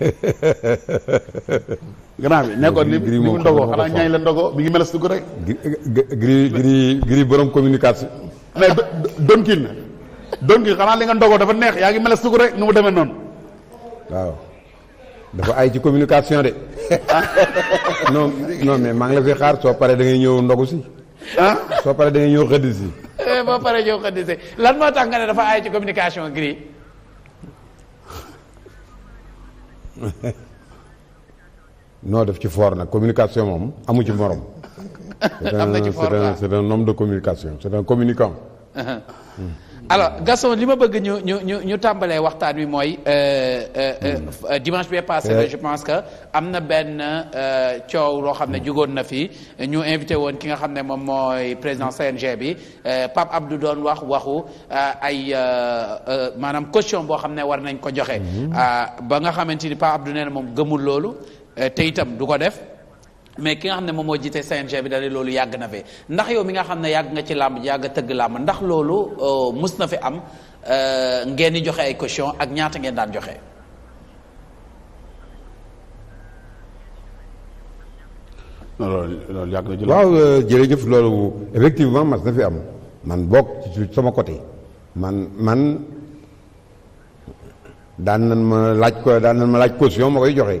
grand bi nekkoon li li mu ndogoo xanaa ñaay la ndogoo mi ngi meles dugg rek. gri gri borom communication. mais don kii na don li nga ndogoo dafa neex yaa ngi meles dugg rek nu mu demee noonu. waaw dafa ay ci communication de. Ah. non non maa ngi la fi xaar soo da ngay ñëw ndogu si. ah soo da ngay eh, ñëw xëdd si. lan moo tax nga ne dafa ay ci communication gri. noo def ci foor nag communication moom amu ci morom. am na ci é c'est un homme de communication c'est un communicant. Uh-huh. Hmm. alors Gaston li ma bëgg ñu ñu ñu ñu tàmbalee waxtaan wi mooy euh, euh, euh, hmm. dimanche bi passé la je pense que am na benn coow loo xam ne hmm. jugoon na fi ñu invité woon ki nga xam ne moom mooy président CNG bi Pape Abdou doon wax waxu ay maanaam caution boo xam ne war nañ ko joxe hmm. ba nga xamante Pape Abdou nee na gëmul loolu te itam du def mais ki nga xam ne moom moo jiite CNG bi dane loolu yàgg na fe ndax yow mi nga xam ne yàgg nga ci làmb yàgg a tëgg làmb ndax loolu euh, mus na fi am euh, ngeen di joxe ay caution ak ñaata ngeen daan joxe. non loolu loolu yàgg na euh, jërëjëf loolu effectivement mas na fi am man bokk ci sama côté man man daan nan ma laaj ko daan nan ma laaj caution ma koy joxe.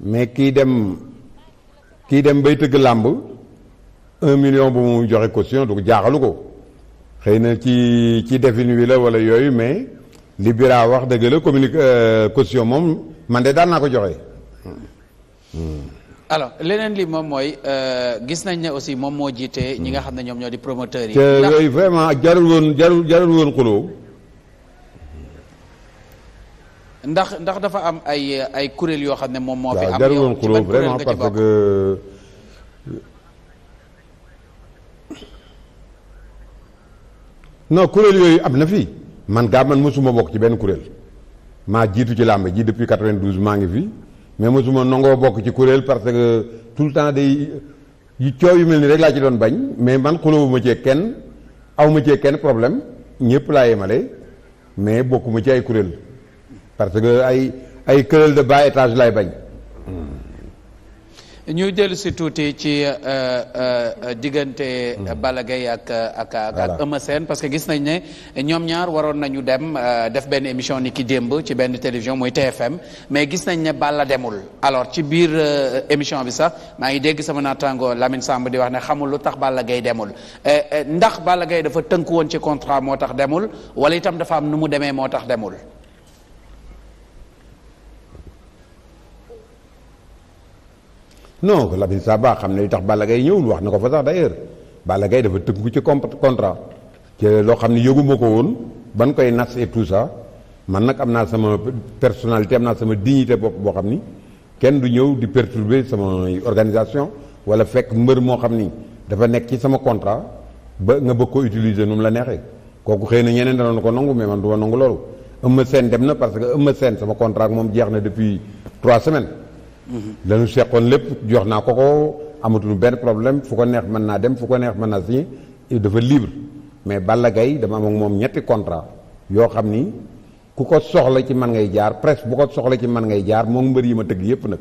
mais qui dem qui dem bay tëgg un million bu mu joxe caution du jaaxalu ko xëy ci ci defin la mais wax la communique euh, caution hmm. alors li euh, gis nañ aussi moom moo jiite. ñi nga xam vraiment jarul jarul jarul ndax ndax dafa am ay ay kuréel yoo xam ne moom moo fi am yow ci ban kuréel yooyu am na fi man gaa man mosuma bokk ci benn kuréel maa jiitu ci làmb ji depuis 92 maa ngi fi mais mosuma nangoo bokk ci kuréel parce que tout le temps day yu coow yu mel ni rek laa ci doon bañ mais man xulóowuma cee kenn awma cee kenn problème ñëpp laa yemale mais bokkuma ci ay kuréel parce que ay ay këral de bas étage lay bañ. ñu dellu si tuuti ci euh, euh, diggante Balla gay ak ak ak Eumeu Sène parce que gis nañ ne ñoom ñaar waroon nañu dem euh, def benn émission ni ki démb ci benn télévision muy TFM mais gis nañ ne Balla demul alors ci biir émission bi sax maa ngi dégg sama naataango Lamine Samb di wax ne xamul lu tax Balla gay demul ndax Balla gay dafa tënk woon ci contrat moo tax demul wala itam dafa am nu mu demee moo tax demul non Lamine Samba xam ne li tax Balla Gaye ñëwul wax na ko fa sax d'ailleurs Balla Gaye dafa tënku ci contrat ci loo xam ni yëguma ko woon ban koy nas et tout ça man nag am naa sama personnalité am naa sama dignité bopp boo xam ni kenn du ñëw di perturber sama organisation wala fekk mbër moo xam ni dafa nekk ci sama contrat ba nga bëgg ko utiliser nu mu la neexee kooku xëy na ñeneen danoon ko nangu mais man du ma nangu loolu Eumeu Sène dem na parce que Eumeu Sène sama contrat moom jeex na depuis trois semaines lanu seqoon lépp jox naa ko ko amatul benn problème fuko neex mën naa dem fuko neex mën naa si devait libre mais Balla Gaye dama am ak moom ñetti contrat yo xamni ni ku ko soxla ci man ngay jaar presse bu ko soxla ci man ngay jaar mok mbeur yi ma tëgg yépp nak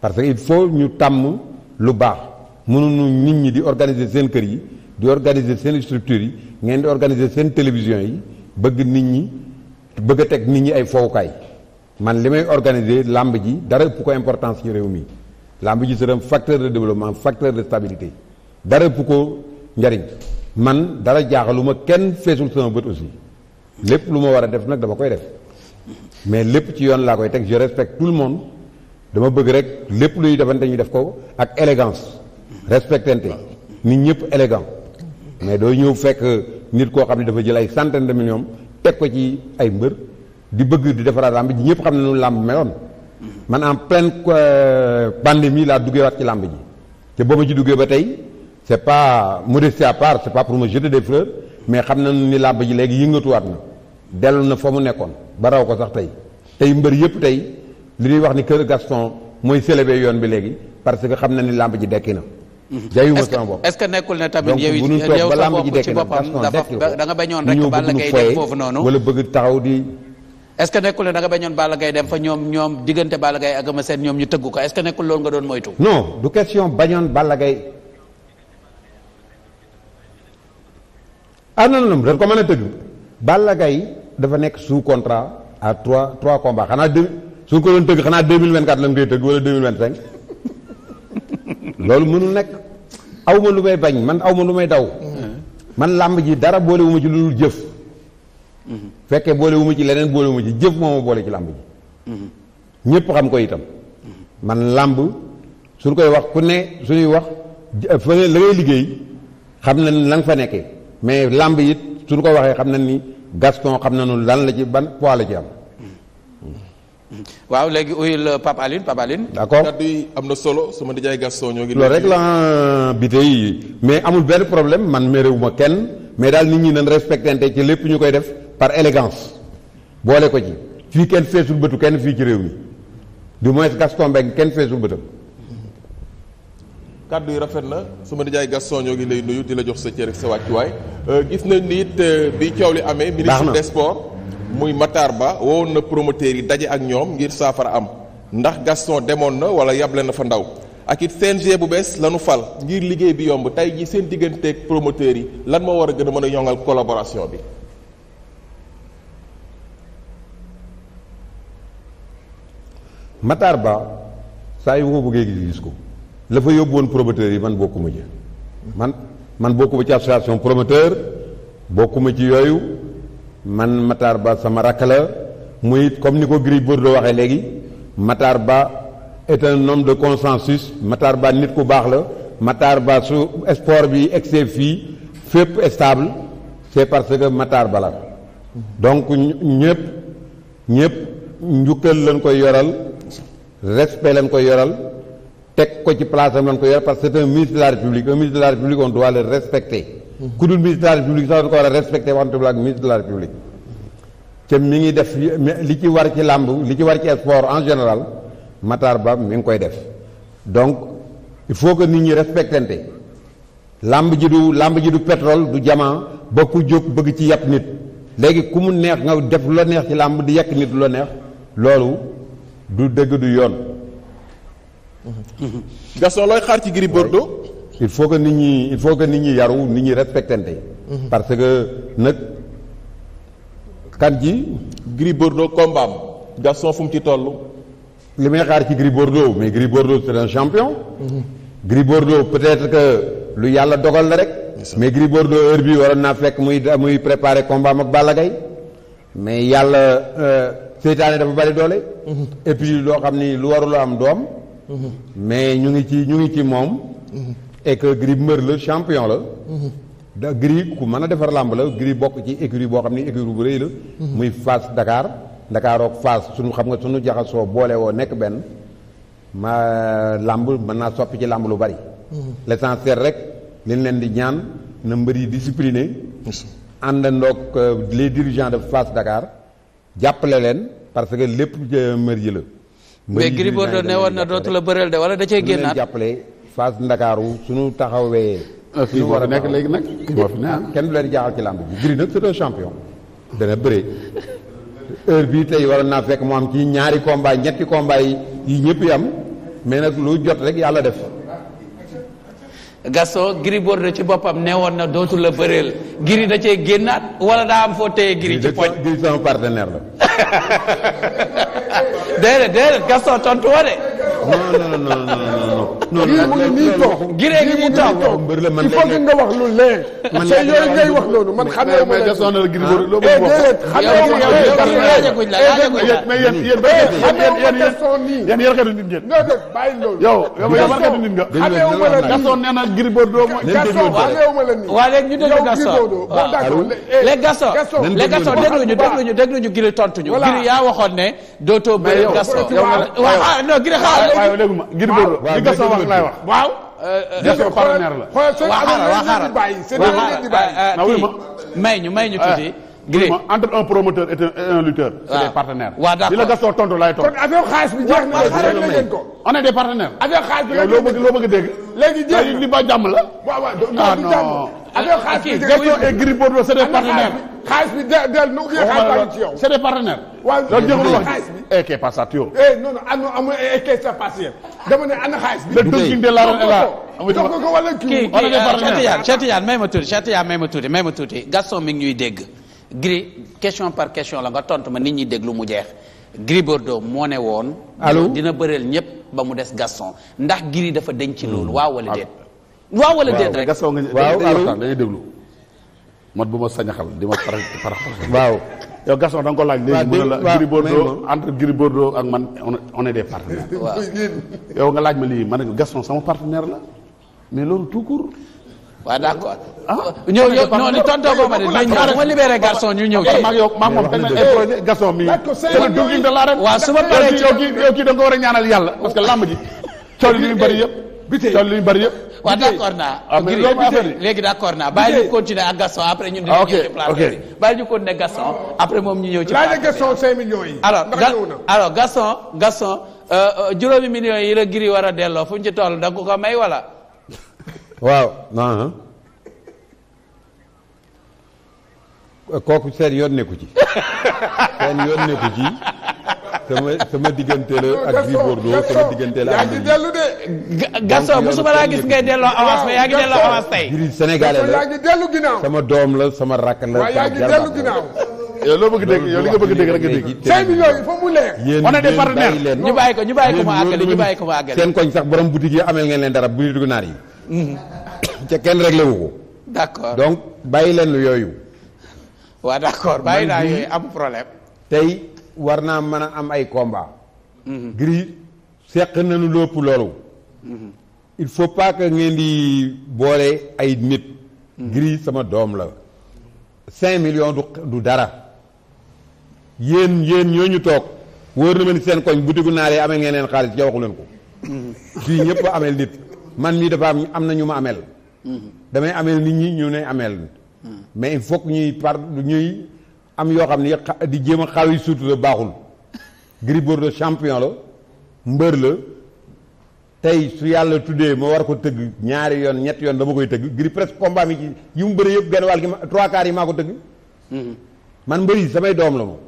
parce que il faut ñu tam lu baax mënu ñu nit ñi di organiser sen kër yi di organiser sen structure yi ngeen di organiser sen télévision yi bëgg nit ñi bëgg a nit ñi ay fowukaay man limay organiser lamb ji dara ëpp ko importance ci réew mi ji c'est un facteur de développement facteur de stabilité dara ëpp ko man dara jaxaluma ken fessul sama bët aussi lepp luma wara def nak dama koy def mais lepp ci yoon la koy tek je respecte tout le monde dama bëgg rek les luy ñuy defante ñu def ko ak élégance respectante nit ñepp élégant mais do ñew fekk nit ko xamni dafa jël ay centaine de millions tek ko ci ay mbeur di bëgg di defaraat ñëpp en pleine euh, pandémie laa duggee ci pas à part pas pour me des fleurs mais parce que mhm. est-ce que ne tamit da nga bañoon rek est-ce que nekkul ne da nga bañoon Balla Gaye dem fa ñoom ñoom diggante Balla Gaye ak Eumeu ñoom ñu tëggu ko est-ce que nekkul loolu nga doon moytu. non du question bañoon Balla Gaye. ah non non dañ ko mën a tëgg. Balla dafa nekk sous contrat à trois trois combats xanaa deux su ñu ko xanaa deux mille vingt quatre lañ koy tëgg wala deux mille vingt loolu mënul nekk aw ma lu may bañ man aw ma lu may daw. Mm-hmm. man làmb ji dara boolewuma ci lu dul jëf. fekkee boolewuma ci leneen boolewuma ci jëf moo ma boole ci làmb ji ñëpp xam ko itam man làmb suñ koy wax ku ne suñuy wax euh, fa la ngay liggéey xam na ni la nga fa nekkee mais làmb it suñ ko waxee xam na ni Gaston xam na nu lan la ci ban poids la ci am waaw léegi uyul euh, Pape Aline Pape Aline d'accord kaddu yi am na solo su ma di Gaston ñoo ngi rek la euh, bi tey mais amul benn problème man méréwuma kenn mais daal nit ñi nañ respecté ci lépp ñu koy def par élégance boole ko ci fii kenn feesul bëtu kenn fii ci réew mi du moins Gaston Mbengue kenn feesul bëtam kàddu yi rafet na su ma nijaay Gaston ñoo ngi lay nuyu di la jox sa cër ak sa wàccuwaay euh, gis nañ ni it euh, bi coow li amee ministre des sports muy Matar Ba wowoon na promoteur yi daje ak ñoom ngir saafara am ndax Gaston demoon na wala yable na fa ndaw ak it CNG bu bees lanu fal ngir liggéey bi yomb tey ji seen digganteeg promoteur yi lan moo war a gën a mën a yongal collaboration bi Matar Ba saa yu ma bëggee gis ko la fa yóbbu woon promoteur yi man bokkuma ci man man bokkuma ci association promoteur bokkuma ci yooyu man Matar Ba sama rakk la muy comme ni ko Gris Bordeaux waxee léegi Matar Ba est un homme de consensus Matar Ba nit ku baax la Matar Ba su sport bi excès fii fépp stable c'est parce que Matar Ba la donc ñëpp ñëpp njukkal lañ koy yoral. respect lañ koy yoral teg ko ci place am lañ ko yoral parce que c'est un ministre de la république un ministre de la république on doit le respecter. Mhm. ku dul ministre de la république sax du ko war a respecter waxtu bi ak ministre la république. te mi ngi def li ci war ci làmb li ci war ci sport en général Matar Ba mi ngi koy def donc il faut que nit ñi respectante làmb ji du làmb ji du pétrole du diamant ba ku jóg bëgg ci yàpp nit léegi ku mu neex nga def la neex ci làmb di yàq nit la neex loolu. du dëgg du yoon. Gaston looy xaar ci Gris Bordeaux. il faut que nit ñi il faut que nit ñi yaru nit ñi respectante. Mhm. parce que nag kan ji. Gris Bordeaux combat. d'assaut fu mu ci toll. li may xaar ci Gris Bordeaux mais Gris Bordeaux c'est un champion. Mhm. Gris Bordeaux peut-être que lu yàlla dogal la rek. mais Gris Bordeaux heure bi war naa fekk muy muy préparer combat ak Balla mais yàlla. Euh, seytaane dafa bari doole mhm. et puis loo xam ni lu warul am doom mhm. mais ñu ngi ci ñu ngi ci moom mhm. et que Gris mbër la champion la da Gris ku mën a defar lamb la Gris bokk ci écurie boo xam ni écurie bu rëy la muy face Dakar Dakar ak Fass suñu xam nga suñu jaxasoo boole woo nekk benn ma lamb mën naa soppi ci lamb lu bari l'essentiel rek liñ leen di ñaan na mbër discipliné àndandoog euh, les dirigeants de face Dakar jàppale leen parce que lépp mër yi la. mais Gris Bordeaux ne woon na dootu la bëreel de wala da cee génnaat jàppale Fass Ndakaaru suñu taxawee. kii ah, moo nekk léegi nag kii kenn du leen jaaxal ci làmp bi Gris nag c'est un champion. dana bëre heure bii tey war naa fekk moo am ci ñaari combat ñetti combat yi yii ñëpp am mais nag lu jot rek yàlla def. Gaston Gris Bordeaux ci boppam ne woon na dootul la bëreel Gris da cee génnaat wala daa am foo téye Gris ci poñ Gris sama partenaire la déedéet déedéet Gaston tontu woo de. non non non non non. lii mu ngi nii toog giree gi mu toog mbër la man il faut que nga wax lu leer. man léegi yooyu ngay wax noonu man xam naa ma Gaston la gis nga loo bëgg wax. xam naa ma laajaguñ la laajaguñ la mais yéen yéen eh, yéen yéen yarkatu nit ngeen. non non bàyyi loolu. yow yow yarkatu nit nga. xameewu ma la nii Gaston nee na Gris Bordeaux mooy. Gaston xameewu ma la nii. waaw léegi ñu déglu Gaston waaw ah. eh, léegi Gaston tontu ñu ñu. voilà ngir yaa waxoon ne. dootoo bëri Gaston mais ah, ah, ma ngir bëri ah, li Gaston wax laay wax. waaw. Gaston partenaire la. waaw xaaral waaw xaaral may ñu may ñu tuuti. gré entre un promoteur et un lutteur. c'est des partenaires. waaw d'accord li la Gaston tontu laay xaaral na leen ko. on est loo bëgg dégg. léegi jeex jàmm la. waaw waaw non affaire xaalis bi xaalis bi de c'est des partenaires waaw loolu eh, eh non non c'est amul ça passé dama ne ana le de la wala des partenaires Cheikh Tidiane may ma tuuti Cheikh Tidiane may ñuy dégg Gris question par question la nga tontu ma nit ñi déglu mu jeex Gris Bordeaux moo ne dina bëreel ñëpp ba mu des Gaston ndax Gris dafa denc loolu hmm. waaw wala ah. wala nga mat buma sañaxal dima parax parax waaw yow gasson dang ko laaj léegi mo la giri Bordeaux entre giri Bordeaux ak man on est des partenaires waaw yow nga laaj ma li man gasson sama partenaire la mais lolu tout court wa d'accord ah? ñëw ñëw non ni tonto ko ma de dañ ñëw ma libéré garçon ñu ñew eh, ci mak yow mak mom dañ ay projet garçon mi c'est le dogging de la rek wa suma paré ci yow ki dang ko wara ñaanal yalla parce que lamb ji ciol li ñu bari yépp ciol li ñu bari yépp waaw d'accord naa ah, léegi d'accord naa bàyyi ñu continuer ak Gaston après ñun dinañ ah, ñëw ci plateau bi bàyyi ñu continuer Gaston après moom ñu ñëw ci laaj Gaston 5 millions yi alors alors Gaston Gaston euh, euh, yi la giri war a delloo fu ñu ci toll da nga ko may wala waaw non ah. kooku seen yoon nekku ci seen yoon nekku ci sama sama diggante la ak Gris Bordeaux sama diggante la ak. yaa ngi dellu de. Gaston musuma laa gis ngay delloo avance mais yaa ngi delloo avance tey. Gris sénégalais la yaa ngi dellu ginnaaw. sama doom la sama rakk la. waaw yaa ngi dellu ginnaaw. yow loo bëgg dégg yow li nga bëgg dégg rek nga dégg. 5 millions yi foog mu leer. yéen on est des partenaires ñu bàyyi ko ñu bàyyi ko mu àggale ñu bàyyi ko mu àggale. seen koñ sax borom boutique yi amee ngeen leen dara boutique naar yi. Mhm. ca kenn réglé wu ko. d'accord donc bàyyi leen lu yooyu. d'accord bàyyi naa yooyu am problème. tey war naa mën a am ay combat Gris seq nañu lépp loolu il faut pas ngeen di boole ay nit Gris sama doom la cinq million du du dara yéen yéen ñooñu toog wóor na ma ni seen koñ butigu naar yi amel ngeen leen xaalis ca waxu leen ko fii ñëpp amel nit man mii dafa am am na ñu ma amel damay amel nit ñi ñu ne amel mais il faut que ñuy par ñuy am yoo xam ne di jéem a xaawi suutura baaxul Gris Bordeaux champion la mbër la tey su yàlla tuddee ma war ko tëgg ñaari yoon ñetti yoon dama koy tëgg Gris presque combat mi ci yi mu bëri yëpp genn wàll gi ma trois quarts yi maa ko tëgg mm-hmm. man mbër yi samay doom la moom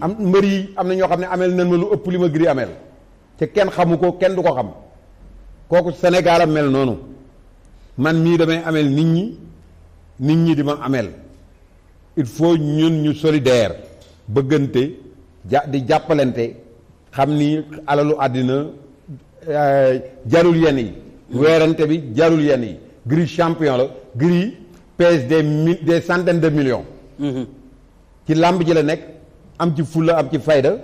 am mbër yi am na ñoo xam ne ameel nan ma lu ëpp li ma Gris ameel te kenn xamu ko kenn du ko xam kooku Sénégal am mel noonu man mii damay ameel nit ñi nit ñi di ma ameel il faut ñun ñu solidaire bëggante ja di jàppalante xam ni alalu àddina euh, jarul yenn yi bi jarul champion pèse des centaines de millions mm-hmm. ci lamb ji la am ci fulla am ci fayda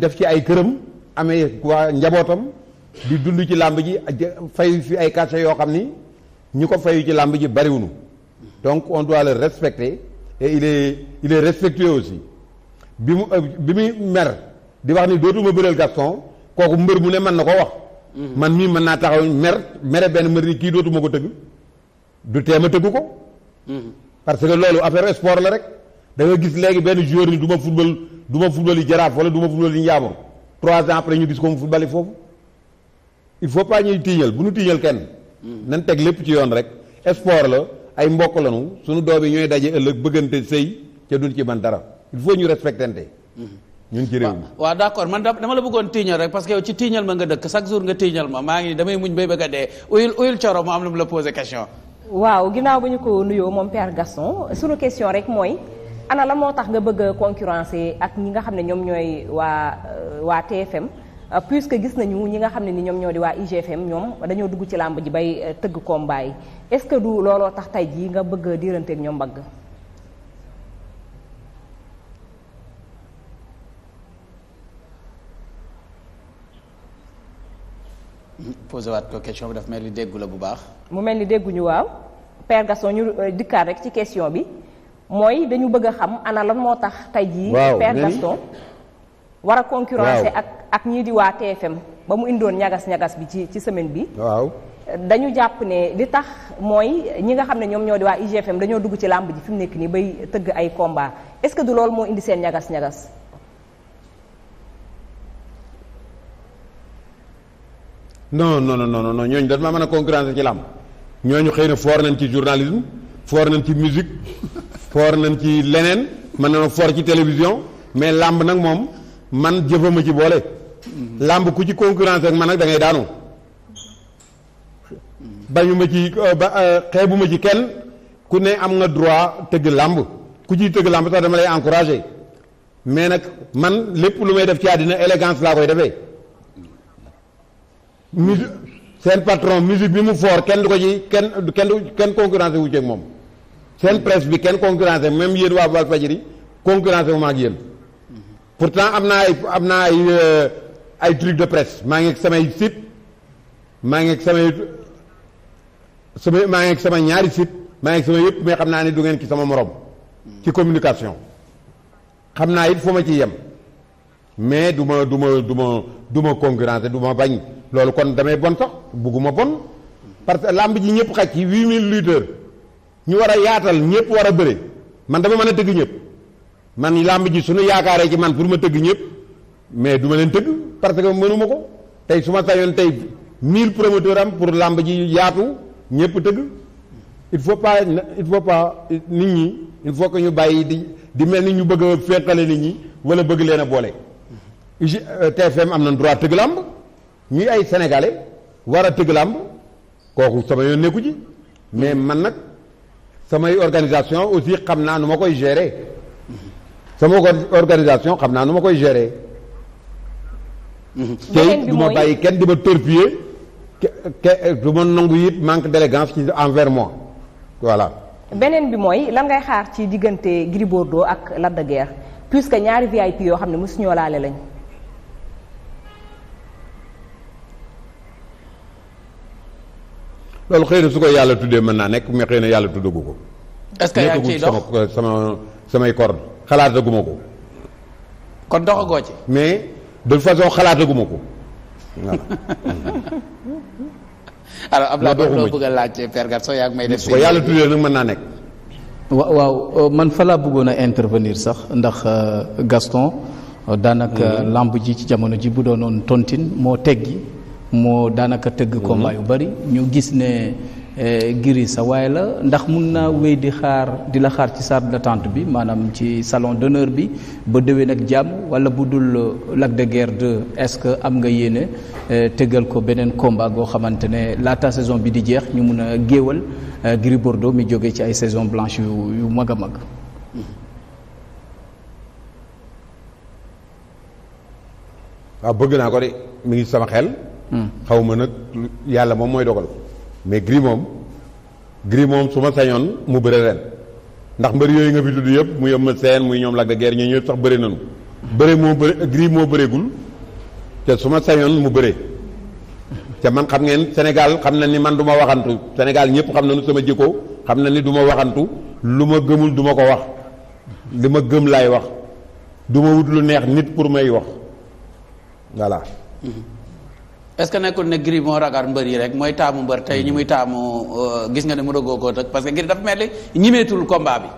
def ci ay di dund ci ji fi ay donc on doit le respecter et il est il est respectué aussi bi euh, bi mer di wax ni dootuma bëreel Gaston kooku mbër mu man mën na ko wax. Mhm. man mii mën naa taxaw mer mere ben, mbër ni kii ko tëgg du teem a tëgg ko. Mhm. parce que loolu affaire sport là rek da nga gis léegi ben, joueur ni du ma football du ma football yi jaraaf wala du ma football yi njaamur trois ans après ñu gis ko football il faut pas ñuy tiiñal bu ñu tiiñal kenn. Mhm. nañ teg lépp ci yoon rek sport là ay mbokk lanu suñu doom yi ñooy daje ëllëg bëggante sëy ca duñ ci man dara il faut ñu respectante ñun ci réew mi waaw d'accord man dama la bëggoon tiiñal rek parce que yow ci tiiñal ma nga dëkk chaque jour nga tiiñal ma maa ngi damay muñ bay bëgg a dee uyul uyul coro mu am lu mu la posé question waaw ginnaaw ba ñu ko nuyoo moom Père Gaston suñu question rek mooy ana la moo tax nga bëgg a concurrencer ak ñi nga xam ne ñoom ñooy waa euh, waa TFM puisque gis nañu ñi nga xam ne ni ñoom ñoo di waa IGFM ñoom dañoo dugg ci làmb ji bay euh, tëgg combat yi est-ce que du looloo tax tey jii nga bëgg a diiranteeg ñoom mbagg. posé ko question bi daf mel ni déggu la bu baax. mu mel ni dégguñu waaw Père Gaston ñu euh, dikkaat rek ci question bi mooy dañu bëgg a xam ana lan moo tax. tey jii Père Gaston war a ak ak ñii di waa TFM ba mu indoon ñagas ñagas bi ci ci semaine bi. dañu japp ne li tax moy ñi nga xam ñom ñoo di wa IGFM dañoo dugg ci lamb ji fi nek ni bay teug ay combat est-ce que du lol mo indi sen ñagas-ñagas non non non non non ñoñ dañ ma mëna concurrence ci lamb ñoñu xeyna for nañ ci journalisme for nañ ci musique for nañ ci lenen man na for ci télévision mais lamb nak mom man jëfuma ci bolé lamb ku ci concurrence ak man nak da ngay daanu bañuma ci euh, euh, xeebu ma ci kenn ku ne am nga droit tëgg lamb ku ci tëgg lamb sax dama lay encouragé mais nag man lépp lu may def ci àddina élégance laa koy defee musique seen patron musique bi mu foor kenn du ko ci kenn kenn kenn concurrence wu ci ak moom seen presse bi kenn concurrence même yéen waa Walfadjri concurrence wu ak yéen pourtant am naa ay am naa ay euh, ay truc de presse maa ngi ak samay site maa ngi ak samay sama maa ngi sama ñaari site maa ngi ak sama yëpp mais xam naa ne du ngeen ci sama morom. ci communication. xam naa it fu ma ci yem. mais du ma du ma du ma du ma concurrence du ma bañ loolu kon damay bon sax bugguma bon. parce que làmb ji ñëpp xaj ci huit mille lutteurs ñu war a yaatal ñëpp war a bëre man dama mën a tëgg ñëpp man làmb ji suñu yaakaaree ci man pour ma tëgg ñëpp mais du ma leen tëgg parce que mënuma ko tey su ma sañoon tey mille promoteurs am pour làmb ji yaatu. ñëpp dëgg il faut pas il faut pas nit ñi il faut que ñu bàyyi di di mel ni ñu bëgg a féqale nit ñi wala bëgg leen a boole. Euh, TFM am na droit tëgg làmb ñuy ay sénégalais war a tëgg làmb kooku sama yoon nekku ji mais man nag samay organisation aussi xam naa nu ma koy gérer sama organisation xam naa nu ma koy gérer. Mm-hmm. tey du ma bàyyi kenn di ma torpiller du ma nangu it manque d'élégance ci envers moi voilà. benen bi moy lan ngay xaar ci diggante Gris ak la de guerre plus ñaari VIP yo xamné ne mosu ñoo lañ. loolu xëy suko yalla ko man na nek naa nekk yalla tuddu na ko. est-ce que yaa ngi sama sama samay corde xalaataguma kon doxagoo ci. mais de façon xalaataguma voilà. alors Abdoulaye Ba loo bëgg a laaj Père Garçon yaa ngi may def. waaw yàlla tuddee nag mën naa nekk. waaw euh, man fa laa bëggoon a intervenir sax ndax euh, Gaston. Euh, daanaka mm-hmm. lamb ji ci jamono ji bu doonoon tontin moo teggi moo daanaka tëgg. Mm-hmm. combat yu bari ñu gis ne. Eh, sa waaye la ndax mun naa wéy di xaar di la xaar ci salle d'attente bi maanaam ci salon d'honneur bi ba déwén ak jàmm wala bu dul euh, Lac de guerre de est-ce que am nga yéene euh, tëggal ko beneen combat goo xamante ne laata saison bi di jeex ñu mun a géewal euh, Bordeaux mi jóge ci ay saison blanche yu yu mag a mag waaw ah, bëgg naa ko de mi ngi sama xel hmm. xaw nag yàlla moom mooy dogal mais gri moom Gris moom su ma sañoon mu bëre ren ndax mbër yooyu nga fi tudd yëpp muy Eumeu Sène muy ñoom la de Guiers ñooñu ñëpp sax bëre nañu. bëre moo bëre Gris moo bëreegul te su ma sañoon mu bëre te man xam ngeen Sénégal xam na ni man duma ma waxantu Sénégal ñëpp xam na nañu sama jikko xam na ni du ma waxantu lu ma gëmul du ma ko wax li ma gëm laay wax du ma wut lu neex nit pour may wax voilà. Mm-hmm. est-ce que nekkul ne Gris moo ragal mbër yi rek mooy taamu mbër tey ñi muy taamu gis nga ne mu doggoo koo tëg parce que Gris dafa mel ni ñimeetul combat bi.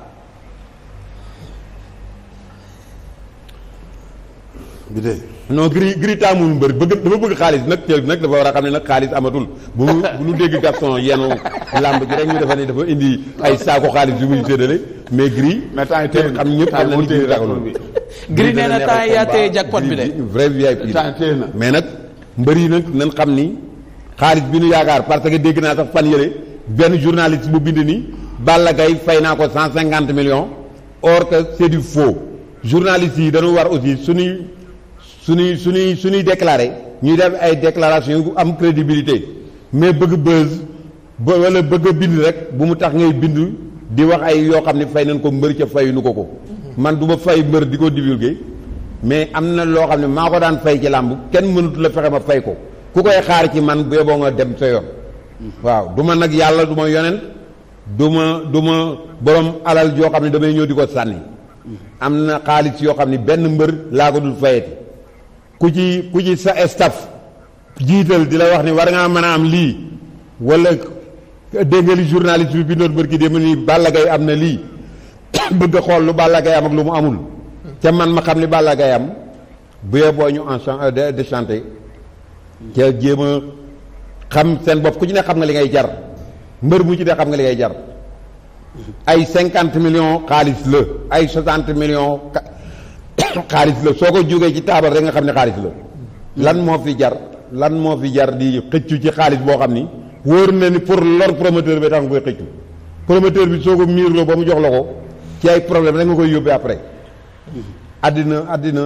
bi de non Gris Gris taamul mbër bëgg dafa bëgg xaalis nag teel nag dafa war a xam ne nag xaalis amatul bu nu dégg Gaston yenu làmb ji rek ñu defe ne dafa indi ay saako xaalis yu muy séddale mais Gris. mais xam ñëpp xam nañu Gris ragalul. Gris nee na temps yii yaa téye jackpot bi de. vrai VIP mais nag. mbër yi nag nañ xam ni xaalis bi nu yaakaar parce que dégg naa sax fan yële benn journaliste bu bind ni Balla Gaye fay naa ko cent cinquante millions or que c'est du faux journaliste yi dañu war aussi suñuy suñuy suñuy suñuy déclaré ñuy def ay déclaration yu am crédibilité mais bëgg buzz ba bëgg a bind rek bu mu tax ngay bind di wax ay yoo xam ne fay nañ ko mbër ca fayuñu ko ko man du ma fay mbër di ko divulguer mais am na loo xam ne maa ko daan fay ci làmb kenn mënut la fexe ma fay ko ku koy xaar ci man bu yeboo nga dem sa yoon. waaw du ma nag yàlla du ma yonent du ma du ma borom alal yoo xam ne damay ñëw di ko sànni. am na xaalis yoo xam ne benn mbër laa ko dul fayeti ku ci ku ci sa staff jiital di la wax ni war ngaa mën a am lii wala dégg nga bi bindoon mbër ki dem ni Balla Gaye am na lii bëgg xool lu Balla Gaye am ak lu mu amul. te man ma xam li Balla Gaye am bu yee boo ñu en euh, de de chanter te jéem a xam seen bopp ku ci ne xam nga li ngay jar mbër mu ci ne xam nga li ngay jar ay cinquante million xaalis la ay soixante millions xaalis la soo ko jógee ci taabal rek nga xam ne xaalis la lan moo fi jar lan moo fi jar di xëccu ci xaalis boo xam ni wóor na ni pour lor promoteur bi tax nga koy xëccu promoteur bi soo ko miirloo ba mu jox la ko ci ay problème rek nga koy yóbbee après àddina àddina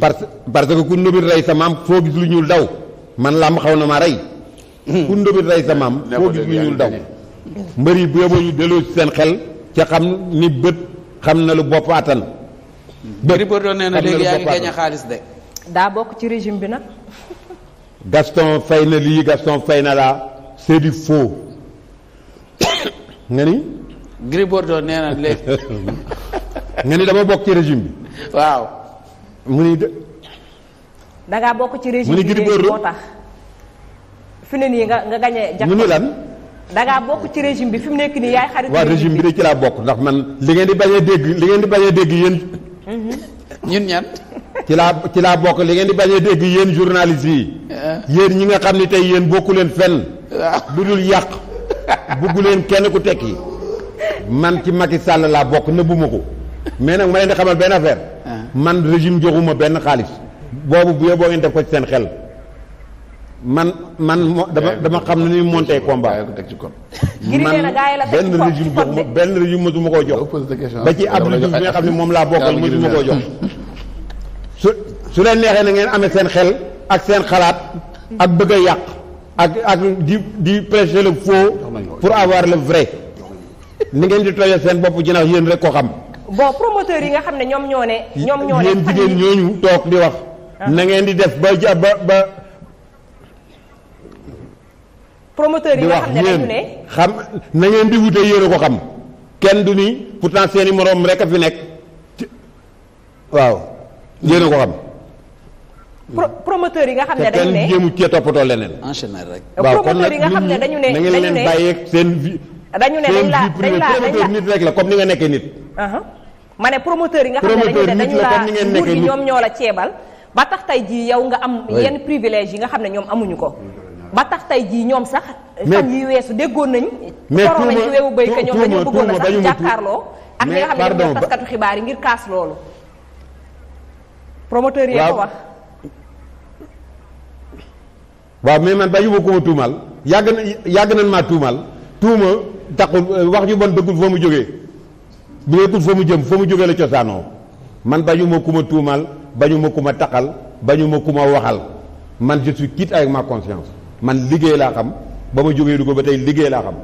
parce parce que ku ndóbit rey sa maam foo gis lu ñuul daw man làmb xaw na ma rey hmm. ku ndóbit rey sa maam foo gis lu ñuul daw mbër yi boobu delloo ci seen xel ca xam ni bët xam na lu bopp attan hmm. bët xam na lu bopp attan daa bokk ci régime bi nag Gaston fay na lii Gaston fay na laa c'est du nga ni Gris Bordeaux nee na léegi. nga ni dama bokk ci régime bi. waaw. mu ni de. da bokk ci régime bi léegi moo tax. fi mu ne nii nga nga lan. da ngaa bokk ci régime bi fi mu nekk nii yaay xarit. waaw régime bi de ci laa bokk ndax man li ngeen di bañ dégg li ngeen di bañ dégg yéen. Mm-hmm. ñun ñan. ci laa ci laa bokk li ngeen di bañ dégg yéen journaliste yi. Eh. yéen ñi nga xam ni tey yéen bokku leen fenn. lu dul yàq bugg leen kenn ku tekk tekki. man ci mag Sall laa bokk nëbbu ma ko mais nag ma leen di xamal benn affaire. Ah. man régime joxuma benn xaalis. boobu bu yóbboo ngeen def ko ci seen xel. man man mo dama dama xam ne ni mu monté combat. man benn régime joxuma benn régime ma koo jox. ba ci Abdou Diouf bi nga xam ne moom laa bokkal mosuma koo jox. su su leen neexee na ngeen amee seen xel ak seen xalaat ak bëgg a yàq ak ak di di prêcher le faux pour avoir le vrai. ni ngeen di toje seen bopp jinax yéen rek ko xam. bon promoteur yi nga xam ne ñoom ñoo ne. ñoom ñoo ne yéen jigéen ñooñu toog di wax. Ah. na ngeen di def ba ja ba ba. promoteur yi nga xam ne dañu ne xam na ngeen di wute yéen a ko xam. kenn du ni pourtant seen i moroom rek a fi nekk. waaw yéen a ko xam. pro promoteur yi nga xam ne dañu ne te kenn jéemu cee toppatoo leneen. enchaîner rek. waaw kon nag promoteur yi nga xam ne dañu ne dañu ne na ngeen leen bàyyeeg seen vie. dañu ne dañ laa dañ laa promoteur nit rek la comme ni nga nekkee nit. Uh-huh. ma ne promoteur yi nga xam ne dañu ne dañu laa ñoom ñoo la ceebal. ba tax tey jii yow nga am yenn privilège yi nga xam ne ñoom amuñu ko. ba tax tey jii ñoom sax. fan yi weesu déggoon nañ. mais tuuma tuuma weewu béy ñoom dañu bëggoon a sax jàkkaarloo. ak ñi nga xam ne ñoom taskatu xibaar yi ngir kaas loolu. promoteur yee ko wax. waaw mais man ba yóbbu ko ma tuumal yàgg na yàgg nañ maa tuumal tuuma. taxul euh, wax ju bon dëggul foo mu jógee bu wéetul foo mu jëm foo mu jógee la cosaanoo man bañu ma ku ma tuumal bañu ma ku ma bañu ma ku waxal man je suis quitte avec ma conscience man liggéey la xam ba ma jógee du ko ba tey liggéey laa xam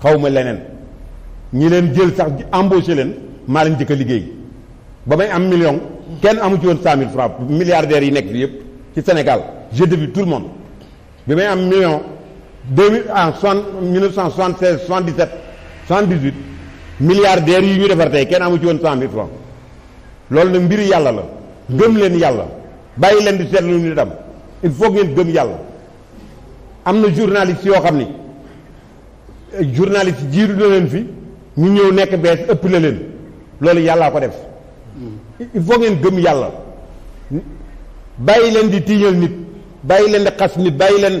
xawma ma leneen ñi leen jël sax embauché leen ma leen jëkk a liggéey ba may am million kenn amu ci won 100000 francs milliardaire yi nek fi ci Sénégal je devine tout le monde bi may am million deux mille en ah, soixante mille neuf cent soixante seize soixante dix sept soixante dix huit milliardaires yi ñu defar tey kenn amu ci woon cent mille francs loolu nag mbiri yàlla la gëm leen yàlla bàyyi leen di seetlu ñu dem il ngeen gëm yàlla am na journaliste yoo xam ni journaliste jiitu na leen fi ñu ñëw nekk ëpp la leen loolu yàllaa ko def ngeen gëm yàlla bàyyi leen di tiiñal nit bàyyi leen di xas nit bàyyi leen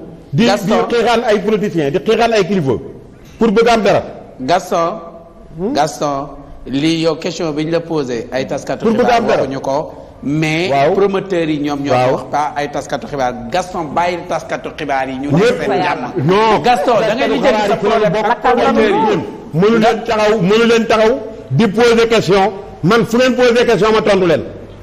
di di xiixaan ay politiciens di xiixaan ay kilifa pour bëgg am dara. Gaston. Hmm? Gaston li yow question biñ la posé ay taskatu xibaar waxuñu ko. mais promoteur yi ñoom ñoo wax pas ay taskatu xibaar Gaston bàyyi taskatu xibaar yi ñu def seen jàmm non Gaston da ngay di jël sa problème ak promoteurs yi mënu leen taxaw mënu leen taxaw di poser question man fu ngeen poser question ma tontu leen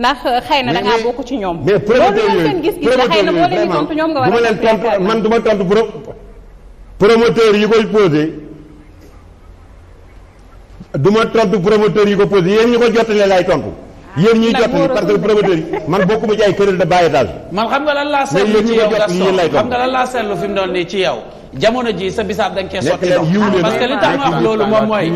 ndax euh, xëy na da ngaa bokk ci ñoom. mais promoteur yooyu promoteur yooyu vraiment du ma leen tontu man du ma tontu pro promoteur yi koy posé du ma tontu promoteur yi ko posé yéen ñi ko jottalee laay tontu. Ah, yéen ñuy jot parce que promoteur yi man bokkuma ci ay kuréel de bàyyi daal. man xam nga lan laa seetlu ci yow. mais yéen ñi ko jot yéen lay tontu xam nga lan laa seetlu fi mu doon nii ci yow. jamono ji sa bisaab da nga koy sotti ndox parce que li tax wax loolu moom mooy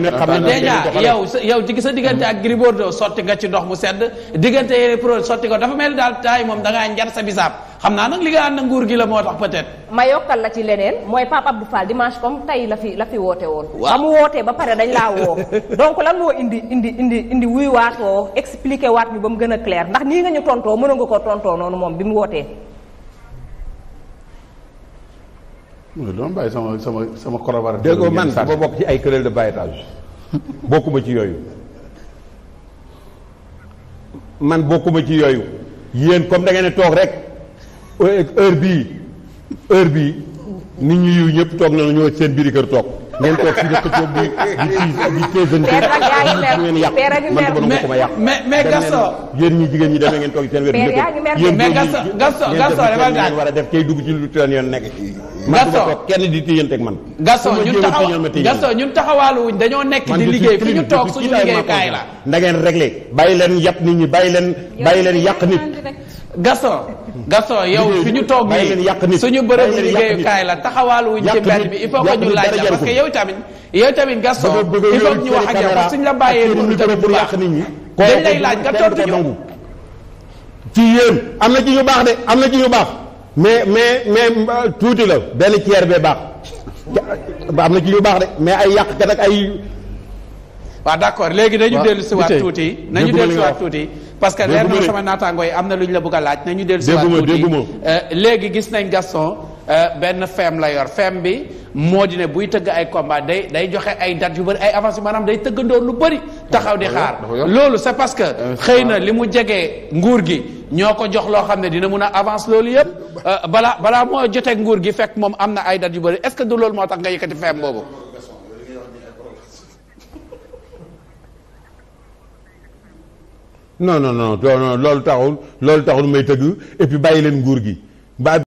déjà yow yow ci sa diggante ak Gris Bordeaux sotti nga ci ndox mu sedd diggante yeneen pro sotti ko dafa mel daal taay moom da ngaa sa bisaab xam naa nag li nga nguur gi la moo tax peut-être ma yokkal la ci leneen mooy Pape Abdou Fall dimanche comme tey la fi la fi woote woon ba mu wootee ba pare dañ laa woo donc lan moo indi indi indi indi wuy waatoo expliqué waat bi ba mu gën a clair ndax nii nga ñu tontoo mënu nga ko tontoo noonu moom bi mu wootee mooy doon bàyyi sama sama sama korobara. déggoo man ba bokk ci ay querelle de bailletage bokkuma ci yooyu man bokkuma ci yooyu yéen comme da ne toog rek heure bii heure bii nit ñi yiw ñëpp toog nañu ñoo seen biir kër toog. ngeen toog fii di xëccoo bi di di téesante ngeen yàq man du ma ko ma yàq mais mais Gaston yéen ñi jigéen ñi demee ngeen toog seen wér yéen mais Gaston war a def kay dugg ci lu teen yoon nekk man du ma toog kenn di téyanteeg man Gaston ñun taxaw Gaston ñun taxawaalu wuñ dañoo nekk di liggéey fi ñu toog suñu liggéeykaay la da ngeen réglé bàyyi leen yàpp nit ñi bàyyi leen bàyyi leen yàq nit Gaston Gaston yow suñu toog ñu suñu bërëbu liggéeyukaay la taxawaalu wuñ ci mbedd bi il faut que ñu laaj la parce que yow tamit yow tamit Gaston il faut que ñu wax ak yow parce que suñu tamit bu baax dañ lay laaj nga tontu ñu yéen am na ci ñu baax de am na ci ñu baax mais mais mais euh, tuuti la benn tiers bee baax am na ci ñu baax de mais ay yàqkat ak ay waaw d'accord léegi dañu dellu si waat tuuti nañu dellu si waat tuuti parce que leer na sama naataangoo yi am na lu ñu la bëgg a laaj nañu dellu si waat tuuti euh, léegi gis nañ gason euh, benn feem la yor feem bi moo di ne buy tëgg ay combat day day joxe ay date yu bëri ay avance maanaam day tëggandoor lu bëri taxaw di ah, xaar loolu c'est parce que euh, xëy ah. na li mu jegee nguur gi ñoo ko jox loo xam ne dina mun a avance loolu yëpp balaa balaa moo jotee nguur gi fekk moom am na ay date yu bëri est-ce que du loolu moo tax nga yëkkati feem boobu non non non non loolu taxul loolu taxul may tëgg et puis leen nguur gi.